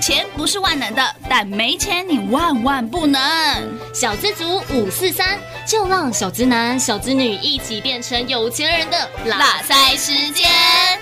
錢不是萬能的，但沒錢你萬萬不能。小資族543，就讓小資男、小資女一起變成有錢人的拉塞時間。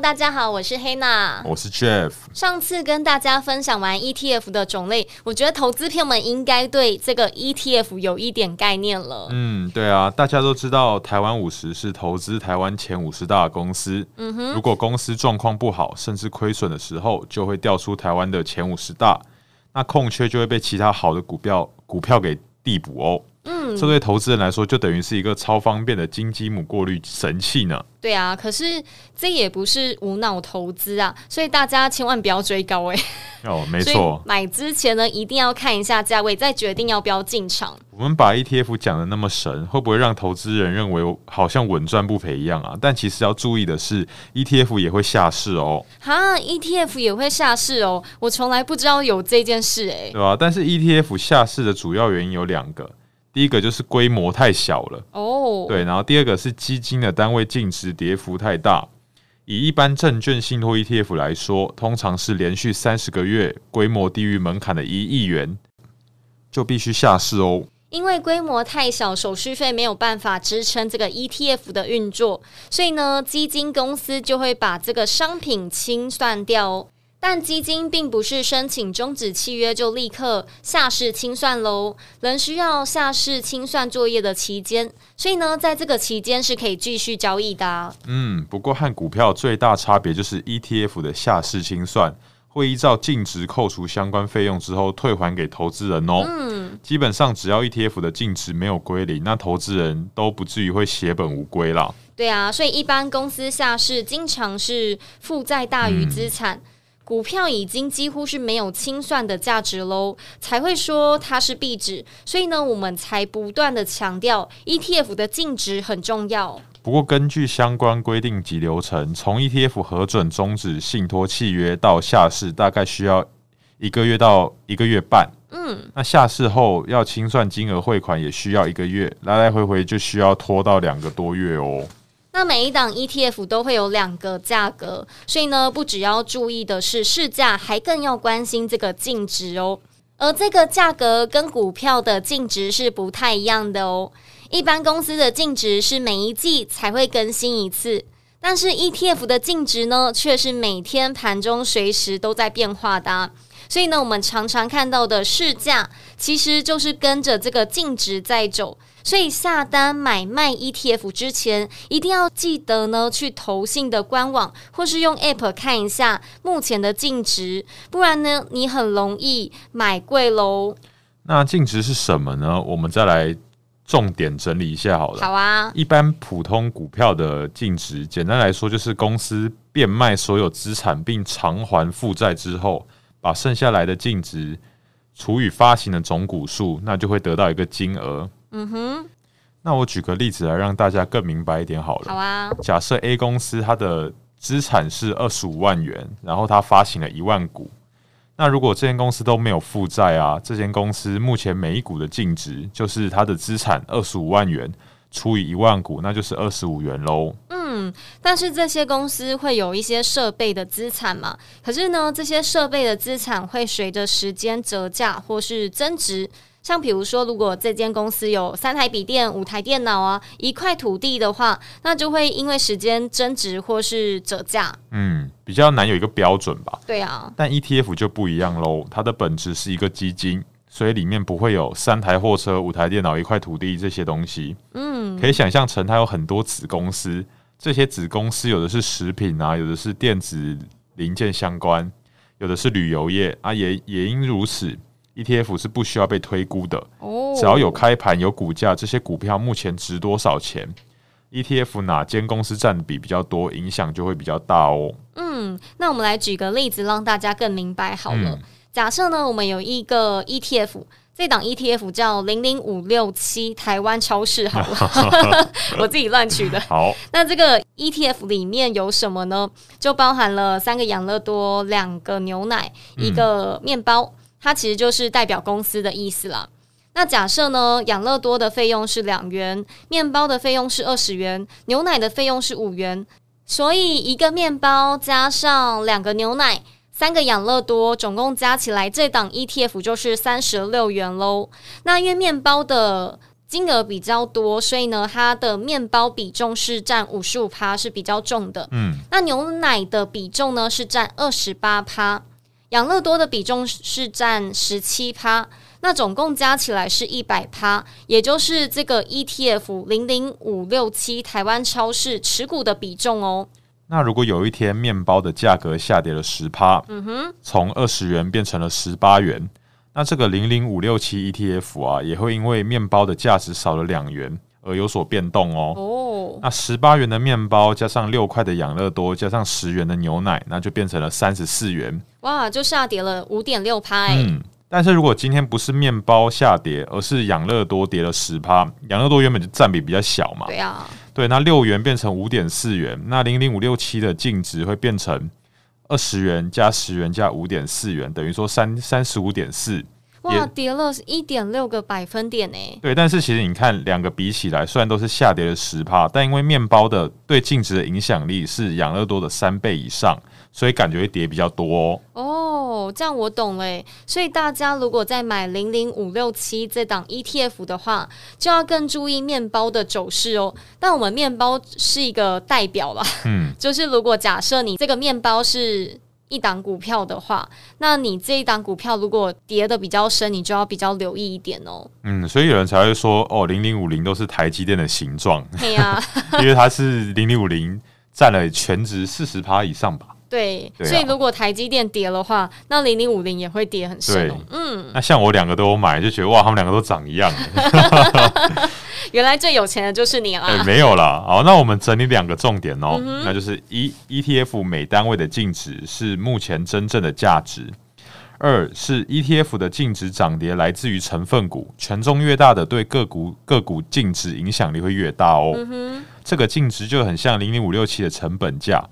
大家好，我是黑娜，我是 Jeff。上次跟大家分享完 ETF 的種類，我覺得投資朋友們應該對這個 ETF 有一點概念了。嗯，對啊，大家都知道台灣五十是投資台灣前五十大公司。嗯哼，如果公司狀況不好，甚至虧損的時候，就會掉出台灣的前五十大，那空缺就會被其他好的股票股票給遞補哦。嗯，這對投資人來說就等於是一個超方便的金雞母過濾神器呢。對啊，可是這也不是無腦投資啊，所以大家千萬不要追高欸。哦，沒錯， 買之前呢，一定要看一下價位，再決定要不要進場。我們把 ETF 講得那麼神，會不會讓投資人認為好像穩賺不賠一樣啊？但其實要注意的是，ETF 也會下市喔。哈，ETF 也會下市喔，我從來不知道有這件事欸。對啊，但是 ETF 下市的主要原因有兩個。第一個就是規模太小了哦、oh.，對，然後第二個是基金的單位淨值跌幅太大，以一般證券信托 ETF 來說，通常是連續三十個月規模低於門檻的一億元，就必須下市哦、喔。因為規模太小，手續費沒有辦法支撐這個 ETF 的運作，所以呢，基金公司就會把這個商品清算掉哦。但基金並不是申請終止契約就立刻下市清算嘍，仍需要下市清算作業的期間，所以呢，在這個期間是可以繼續交易的啊。嗯，不過和股票最大差別就是 ETF 的下市清算會依照淨值扣除相關費用之後退還給投資人哦。嗯，基本上只要 ETF 的淨值沒有歸零，那投資人都不至於會血本無歸啦。對啊，所以一般公司下市經常是負債大於資產。嗯股票已經幾乎是沒有清算的價值嘍，才會說它是壁紙。所以呢，我們才不斷的強調 ETF 的淨值很重要。不過，根據相關規定及流程，從 ETF 核准終止信託契約到下市，大概需要一個月到一個月半。嗯，那下市後要清算金額匯款，也需要一個月，來來回回就需要拖到兩個多月哦。那每一檔 ETF 都會有兩個價格，所以呢，不只要注意的是市價，還更要關心這個淨值哦。而這個價格跟股票的淨值是不太一樣的哦。一般公司的淨值是每一季才會更新一次，但是 ETF 的淨值呢，卻是每天盤中隨時都在變化的啊。所以呢，我們常常看到的市價，其實就是跟着這個淨值在走。所以下單買賣 ETF 之前，一定要記得呢，去投信的官網或是用 App 看一下目前的淨值，不然呢，你很容易買貴嘍。那淨值是什麼呢？我們再來重點整理一下好了。好啊。一般普通股票的淨值，簡單來說就是公司變賣所有資產並償還負債之後，把剩下來的淨值除以發行的總股數，那就會得到一個金額。嗯哼，那我舉個例子來讓大家更明白一點好了。好啊，假設 A 公司它的資產是二十五萬元，然後它發行了一萬股。那如果這間公司都沒有負債啊，這間公司目前每一股的淨值就是它的資產二十五萬元除以一萬股，那就是二十五元嘍。嗯，但是這些公司會有一些設備的資產嘛，可是呢，這些設備的資產會隨着時間折價或是增值。像比如說，如果這間公司有三台筆電、五台電腦啊，一塊土地的話，那就會因為時間增值或是折價。嗯，比較難有一個標準吧？對啊。但 ETF 就不一樣嘍，它的本質是一個基金，所以裡面不會有三台貨車、五台電腦、一塊土地這些東西。嗯。可以想象成它有很多子公司，這些子公司有的是食品啊，有的是電子零件相關，有的是旅遊業啊也。也也因如此。ETF 是不需要被推估的，oh，只要有開盤有股價，這些股票目前值多少錢，ETF 哪間公司佔比比較多，影響就會比較大哦。嗯，那我們來舉個例子讓大家更明白好了。嗯、假設呢，我們有一個 ETF，這檔 ETF 叫零零五六七台灣超市，好了， 我自己亂取的。 好，那這個 ETF 裡面有什麼呢？就包含了三個養樂多，兩個牛奶，嗯、一個麵包。它其實就是代表公司的意思啦。那假設呢，養樂多的費用是兩元，麵包的費用是二十元，牛奶的費用是五元，所以一個麵包加上兩個牛奶，三個養樂多，總共加起來，這檔 ETF 就是三十六元嘍。那因為麵包的金額比較多，所以呢，它的麵包比重是占五十五趴，是比較重的。嗯，那牛奶的比重呢，是占二十八趴。養樂多的比重是占十七趴，那總共加起來是一百趴，也就是這個 ETF 零零五六七台灣超市持股的比重哦。那如果有一天麵包的價格下跌了十趴，嗯哼，從二十元變成了十八元，那這個零零五六七 ETF 啊，也會因為麵包的價值少了兩元。而有所變動哦。哦、oh.，那十八元的麵包加上六塊的養樂多加上十元的牛奶，那就變成了三十四元。哇、wow,，就下跌了五點六趴。嗯，但是如果今天不是麵包下跌，而是養樂多跌了十趴，養樂多原本就佔比比較小嘛。對啊。對，那六元變成五點四元，那零零五六七的淨值會變成二十元加十元加五點四元，等於說三三十五點四。哇，跌了是一點六個百分點呢？對，但是其實你看，兩個比起來，雖然都是下跌了十趴，但因為麵包的對淨值的影響力是養樂多的三倍以上，所以感覺會跌比較多喔。哦，這樣我懂了。所以大家如果在買零零五六七這檔 ETF 的話，就要更注意麵包的走勢哦。但我們麵包是一個代表啦，嗯，就是如果假設你這個麵包是。一檔股票的話，那你這一檔股票如果跌的比較深，你就要比較留意一點哦。嗯，所以有人才會說，哦，零零五零都是台積電的形狀。對呀，因為它是零零五零占了全值四十趴以上吧。對，對啊、所以如果台積電跌的話，那零零五零也會跌很深、哦。對，嗯，那像我兩個都有買，就覺得哇，他們兩個都長一樣。 原來最有錢的就是你啦，欸，沒有啦。 好，那我們整理兩個重點哦，喔嗯，那就是一 ETF 每單位的淨值是目前真正的價值；二是 ETF 的淨值漲跌來自於成分股，權重越大的對個股個股淨值影響力會越大哦，喔嗯。這個淨值就很像零零五六七的成本價。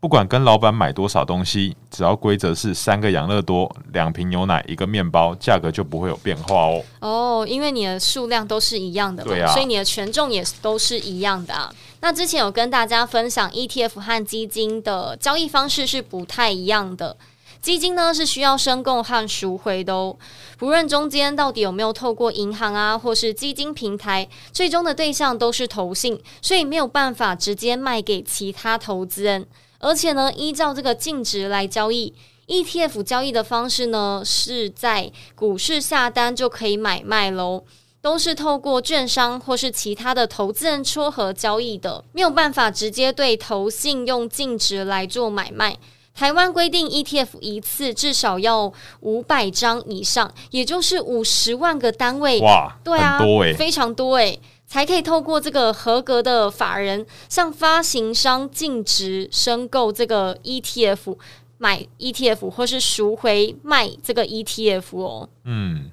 不管跟老闆買多少東西，只要規則是三個養樂多、兩瓶牛奶、一個麵包，價格就不會有變化哦。哦，oh，因為你的數量都是一樣的嘛。對啊，所以你的權重也都是一樣的啊。那之前有跟大家分享，ETF 和基金的交易方式是不太一樣的。基金呢是需要申購和贖回的哦，不論中間到底有沒有透過銀行啊或是基金平台，最終的對象都是投信，所以沒有辦法直接賣給其他投資人。而且呢，依照這個淨值來交易 ETF，交易的方式呢，是在股市下單就可以買賣嘍，都是透過券商或是其他的投資人撮合交易的，沒有辦法直接對投信用淨值來做買賣。台灣規定 ETF 一次至少要五百張以上，也就是五十萬個單位。哇，對啊，很多欸，非常多誒、欸。才可以透過這個合格的法人，向發行商淨值申購這個 ETF，買 ETF 或是贖回賣這個 ETF 哦。嗯，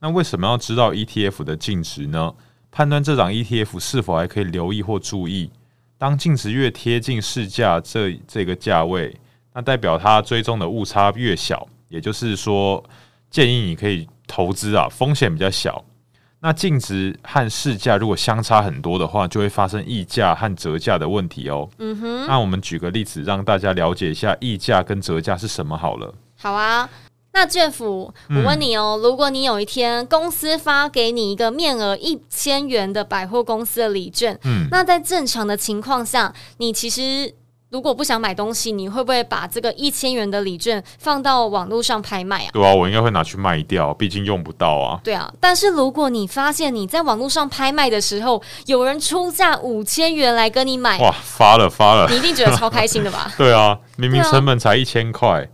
那為什麼要知道 ETF 的淨值呢？判斷這檔 ETF 是否還可以留意或注意。當淨值越貼近市價這這個價位，那代表它追蹤的誤差越小，也就是說，建議你可以投資啊，風險比較小。那淨值和市價如果相差很多的話，就會發生溢價和折價的問題哦。嗯哼。那我們舉個例子，讓大家了解一下溢價跟折價是什麼好了。好啊。那卷福，我問你哦，嗯，如果你有一天公司發給你一個面額一千元的百貨公司的禮券，嗯，那在正常的情況下，你其實。如果不想買東西，你會不會把這個一千元的禮券放到網絡上拍賣啊？對啊，我應該會拿去賣掉，畢竟用不到啊。對啊，但是如果你發現你在網絡上拍賣的時候，有人出價五千元來跟你買，哇，發了發了，你一定覺得超開心的吧？ 對啊，明明成本才一千塊。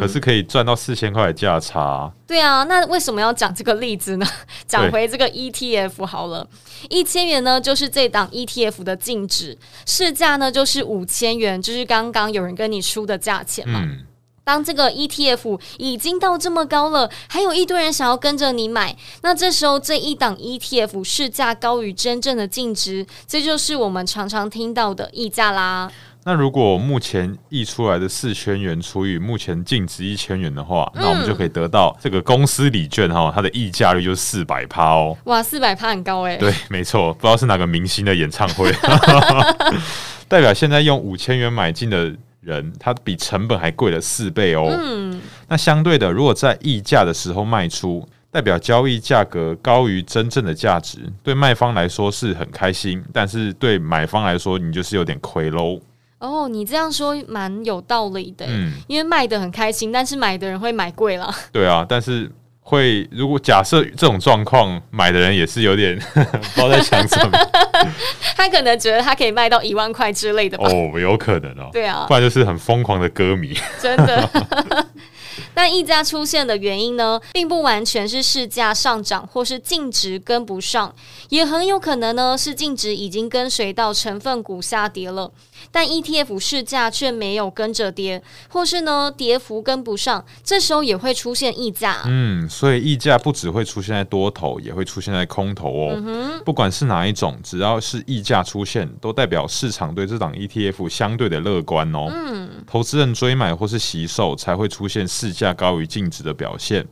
可是可以賺到四千塊的價差，啊。對啊，那為什麼要講這個例子呢？講回這個 ETF 好了，一千元呢就是這檔 ETF 的淨值，市價呢就是五千元，就是剛剛有人跟你出的價錢嘛，嗯。當這個 ETF 已經到這麼高了，還有一堆人想要跟着你買，那這時候這一檔 ETF 市價高於真正的淨值，這就是我們常常聽到的溢價啦。那如果目前溢出來的四千元除以目前淨值一千元的話，嗯，那我們就可以得到這個公司禮券哈，它的溢價率就是四百趴哦。哇，四百趴很高誒、欸！對，沒錯，不知道是哪個明星的演唱會， 代表現在用五千元買進的人，他比成本還貴了四倍哦、喔。嗯，那相對的，如果在溢價的時候賣出，代表交易價格高於真正的價值，對賣方來說是很開心，但是對買方來說，你就是有點虧嘍。哦，你這樣說蠻有道理的，嗯，因為賣的很開心，但是買的人會買貴啦。對啊，但是會如果假設這種狀況，買的人也是有點包 在牆角 他可能覺得他可以賣到一萬塊之類的。哦，有可能哦。對啊，不然就是很瘋狂的歌迷。真的。 但溢價出現的原因呢，並不完全是市價上漲或是淨值跟不上，也很有可能呢是淨值已經跟隨到成分股下跌了，但 ETF 市價卻沒有跟着跌，或是呢跌幅跟不上，這時候也會出現溢價啊。嗯，所以溢價不只會出現在多頭，也會出現在空頭哦。嗯，不管是哪一種，只要是溢價出現，都代表市場對這檔 ETF 相對的樂觀哦。嗯，投資人追買或是惜售才會出現。市價高於淨值的表現。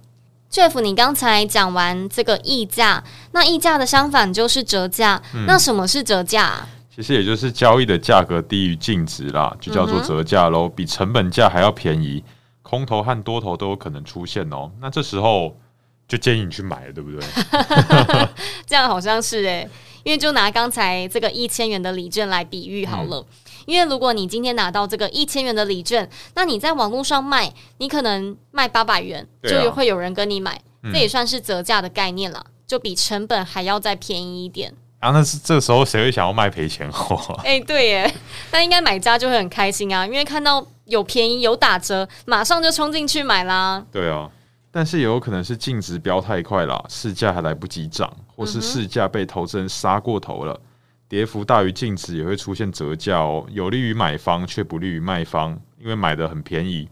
Jeff，你剛才講完這個溢價，那溢價的相反就是折價、嗯。那什麼是折價、啊？其實也就是交易的價格低於淨值啦，就叫做折價嘍、嗯，比成本價還要便宜。空頭和多頭都有可能出現哦。那這時候就建議你去買，對不對？ 這樣好像是誒、欸，因為就拿剛才這個一千元的禮券來比喻好了。嗯因為如果你今天拿到這個一千元的禮券，那你在網絡上賣，你可能賣八百元，啊，就會有人跟你買，嗯，這也算是折價的概念了，就比成本還要再便宜一點。啊，那是這個時候誰會想要賣賠錢貨哦？哎， 欸，對耶，那應該買家就會很開心啊，因為看到有便宜有打折，馬上就衝進去買啦。對哦，啊，但是也有可能是淨值飆太快了，市價還來不及漲，或是市價被投資人殺過頭了。嗯跌幅大於淨值也會出現折價哦，有利於買方卻不利於賣方，因為買的很便宜，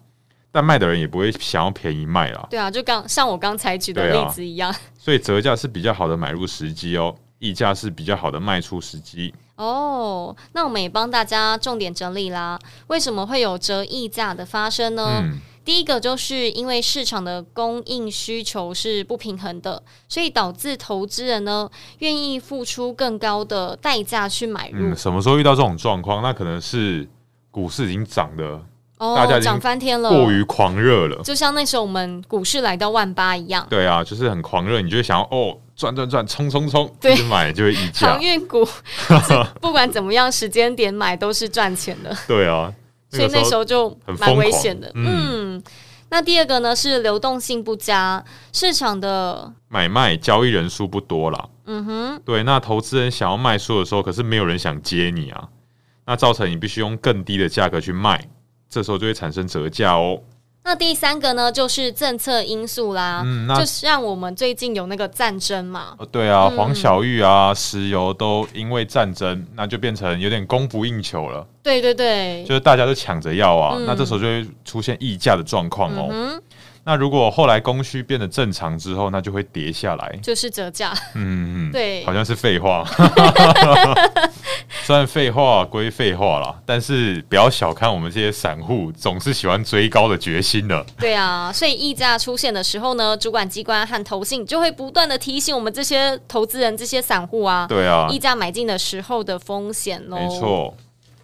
但賣的人也不會想要便宜賣啦。對啊，就剛像我剛才舉的例子一樣。啊，所以折價是比較好的買入時機哦，溢價是比較好的賣出時機哦。Oh, 那我們也幫大家重點整理啦，為什麼會有折溢價的發生呢？嗯第一個就是因為市場的供應需求是不平衡的，所以導致投資人呢願意付出更高的代價去買入，嗯。什麼時候遇到這種狀況？那可能是股市已經漲的，哦，大家漲翻天了，過於狂熱了。就像那時候我們股市來到萬八一樣，對啊，就是很狂熱，你就會想要哦，賺賺賺，沖沖沖，對，買就會溢價。航運股不管怎麼樣，時間點買都是賺錢的。對啊。所以，所以那時候就蠻危險的，嗯。那第二個呢是流動性不佳，市場的買賣交易人數不多了，嗯哼。對，那投資人想要賣出的時候，可是沒有人想接你啊，那造成你必須用更低的價格去賣，這時候就會產生折價哦。那第三個呢，就是政策因素啦、嗯那，就是像我們最近有那個戰爭嘛，對啊、嗯，黃小玉啊，石油都因為戰爭，那就變成有點供不應求了。對對對，就是大家都搶着要啊、嗯，那這時候就會出現溢價的狀況哦、嗯。那如果後來供需變得正常之後，那就會跌下來，就是折價。嗯嗯，對，好像是廢話。 雖然廢話歸廢話啦。但是不要小看我們這些散戶總是喜歡追高的決心的。對啊，所以溢價出現的時候呢，主管機關和投信就會不斷的提醒我們這些投資人、這些散戶啊，對啊，溢價買進的時候的風險呢。沒錯，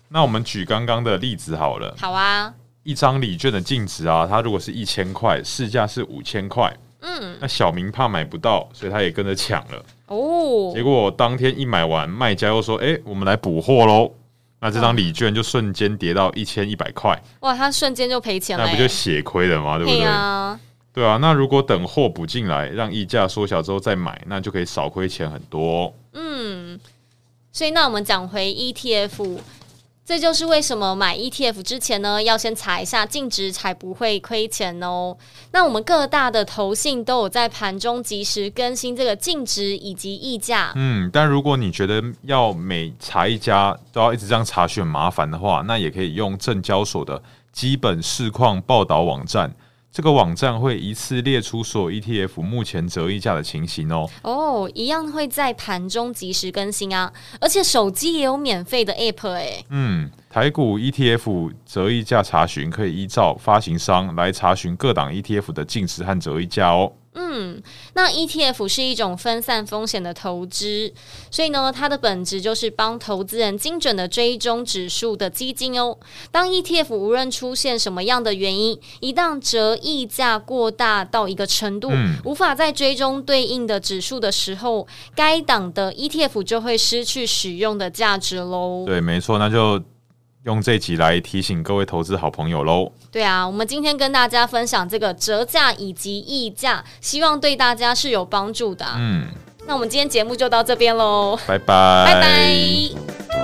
那我們舉剛剛的例子好了。好啊，一張禮券的淨值啊，它如果是一千塊，市價是五千塊。嗯，那小明怕買不到，所以他也跟着搶了。哦，結果當天一買完，賣家又說：“哎、欸，我們來補貨嘍。”那這張禮券就瞬間跌到一千一百塊。哇，他瞬間就賠錢了、欸。那不就血虧了嗎？對不對、嗯？對啊，對啊。那如果等貨補進來，讓溢價縮小之後再買，那就可以少虧錢很多、哦。嗯，所以那我們講回 ETF。這就是為什麼買 ETF 之前呢，要先查一下淨值，才不會虧錢哦。那我們各大的投信都有在盤中即時更新這個淨值以及溢價。嗯，但如果你覺得要每查一家都要一直這樣查詢很麻煩的話，那也可以用證交所的基本市況報導網站。這個網站會一次列出所有 ETF 目前折溢價的情形哦。哦，一樣會在盤中即時更新啊，而且手機也有免費的 App 哎。嗯，台股 ETF 折溢價查詢可以依照發行商來查詢各檔 ETF 的淨值和折溢價哦。嗯，那 ETF 是一種分散風險的投資，所以呢，它的本質就是幫投資人精準的追蹤指數的基金哦。當 ETF 無論出現什麼樣的原因，一旦折溢價過大到一個程度，嗯、無法再追蹤對應的指數的時候，該檔的 ETF 就會失去使用的價值嘍。對，沒錯，那就。用這集來提醒各位投資好朋友嘍。對啊，我們今天跟大家分享這個折價以及溢價，希望對大家是有幫助的啊。嗯，那我們今天節目就到這邊嘍，拜拜，拜拜。拜拜。